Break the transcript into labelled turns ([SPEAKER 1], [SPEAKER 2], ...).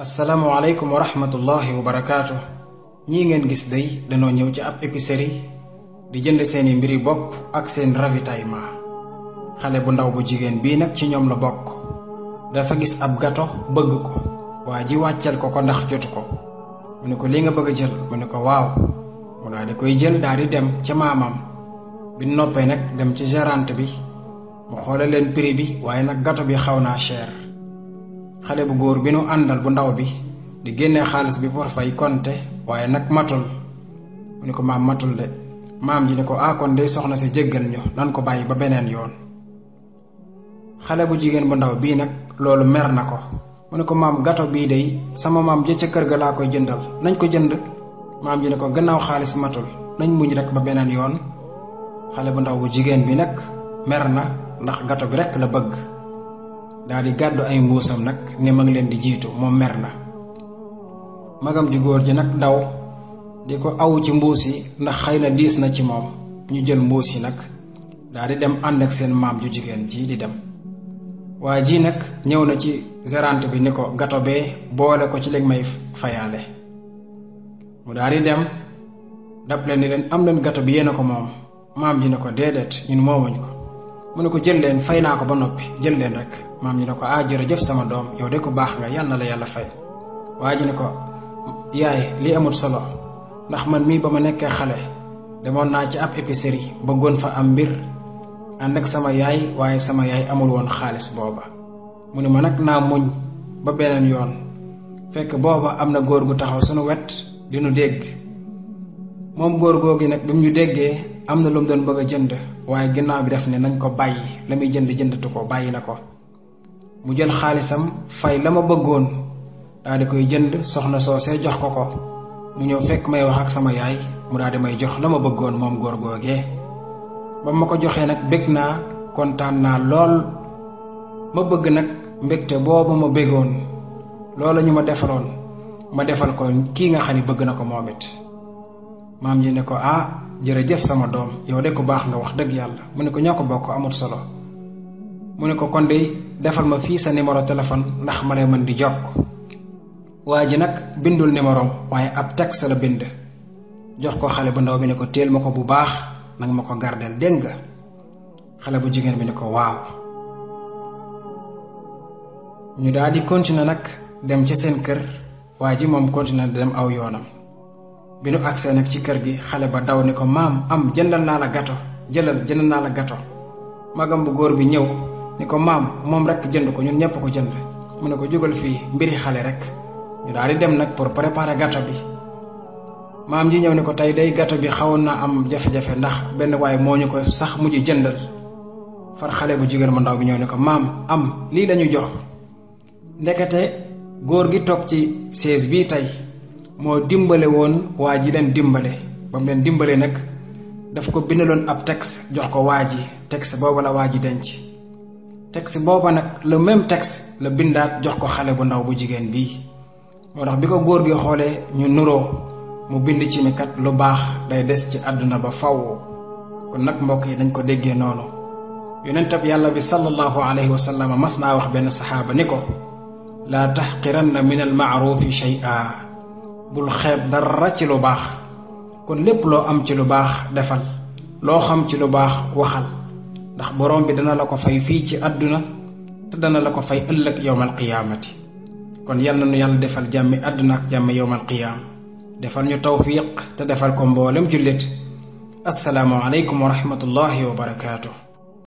[SPEAKER 1] asalaamualeykum wa rahmatullahi wa barakaatu. ñii ngeen gis day danoo ñëw ci ab épicerie di jënd seeni mbir mbiri bopp ak seen ravitaillement xale bu ndaw bu jigéen bii nag ci ñoom la bokk dafa gis ab gato bëgg ko waa ji wàcceel ko ko ndax jotu ko mu ne ko lii nga bëgg a jël mu ne ko waaw mu daal di koy jël daal di dem ca maamam bi noppee nag dem ci gérante bi mu xoole leen prix bi waaye nag gato bi xaw naa cher xale bu góor bi nu àndal bu ndaw bi di génne xaalis bi pour fay konte waaye nag matul mu ne ko maam matul de maam ji ne ko ah kon de soxna si jéggal ñu nan ko bàyyi ba beneen yoon xale bu jigéen bu ndaw bii nag loolu mer na ko mu ne ko maam gato bii dey sama maam ja ca kër ga laa koy jëndal nañ ko jënd maam ji ne ko gannaaw xaalis matul nañ muñ rek ba beneen yoon xale bu ndaw bu jigéen bi nag mer na ndax gato bi rek la bëgg daal di gàddu ay mbuusam nag ne mag leen di jiitu moom mer na magam ju góor ji nag daw di ko aw ci mbuus yi ndax xëy na diis na ci moom ñu jël mbuus yi nag daal di dem ànd ak seen maam ju jigéen ji di dem waa ji nag ñëw na ci gérante bi ni ko gato bee boole ko ci léegi may fayaale mu daal di dem dab leen ni leen am leen gato bi yéena ko moom maam ji ne ko déedéet ñun moomuñ ko mu ne ko jël leen fay naa ko ba noppi jël leen rek maam ñi ne ko a ah, jërëjëf sama doom yow de ko baax nga yal na la yàlla fay waa ji ne ko yaay lii amut solo ndax man mii ba ma nekkee xale demoon naa ci ab épicerie bëggoon fa am mbir ànd ak sama yaay waaye sama yaay amul woon xaalis booba mu ne ma nag naa muñ ba beneen yoon fekk booba am na góor gu taxaw sunu wet di dégg moom góor googu nag bi mu ñu déggee am na lu mu doon bëgg a jënd waaye ginnaaw bi def ne nañ ko bàyyi la muy jënd jëndatu ko bàyyi na ko mu jël xaalisam fay la ma bëggoon daal di koy jënd soxna soosee jox ko ko mu ñëw fekk may wax ak sama yaay mu daal di may jox la ma bëggoon moom góor googee ba ma ko joxee nag bég naa kontaan naa lool ma bëgg nag mbégte boobu ma bégoon loolu ñu ma defaloon ma defal ko kii nga xam ne bëgg na ko moom it maam ji ne ko ah jërëjëf sama doom yow de ko baax nga wax dëgg yàlla mu ne ko ñoo ko bokk amut solo mu ne ko kon de defal ma fii sa numéro téléphone ndax ma lay mën di jokk waa ji nag bindul numéro waaye ab texte la bind jox ko xale bu ndaw bi ne ko téel ma ko bu baax nanga ma ko gardeel dégg nga xale bu jigéen bi ne ko waaw ñu daal di continuer nag dem ci seen kër waa ji moom continuer dem aw yoonam bi nu agsee nag ci kër gi xale ba daw ni ko maam am jëndal naa la gato jëlal jëndal naa la gato magam bu góor bi ñëw ni ko maam moom rek jënd ko ñun ñëpp ko jënd mu ne ko jógal fii mbiri xale rek ñu daal di dem nag pour préparer gato bi maam ji ñëw ni ko tey day gato bi xawoon naa am jafe-jafe ndax benn waaye moo ñu ko sax mujj jëndal far xale bu jigéen mu ndaw bi ñëw ni ko maam am lii lañu jox ndekete góor gi toog ci chaise bi tey moo dimbale woon waa ji leen dimbale ba mu leen dimbale nag daf ko bindaloon ab texte jox ko waa ji texte booba la waa ji denc texte booba nag le même texte la bindaat jox ko xale bu ndaw bu jigéen bii moo tax bi ko góor gi xoolee ñu nuroo mu bind ci ni kat lu baax day des ci àdduna ba faw kon nag mbokk yi dañ ko déggee noonu tab yàlla bi sallallahu alayhi wa sallam mas naa wax benn saxaaba ni ko laa taxqiranna min al maarufi shay'a bul xeeb dara ci lu baax kon lépp loo am ci lu baax defal loo xam ci lu baax waxal ndax borom bi dana la ko fay fii ci àdduna te dana la ko fay ëllëg yowmal qiyaamati kon yal na nu yàlla defal jàmmi àdduna ak jàmmi yowmal qiyaam defal ñu tawfiq te defal ko mboolem jullit assalaamu aleykum wa rahmatullahi wa barakaatu.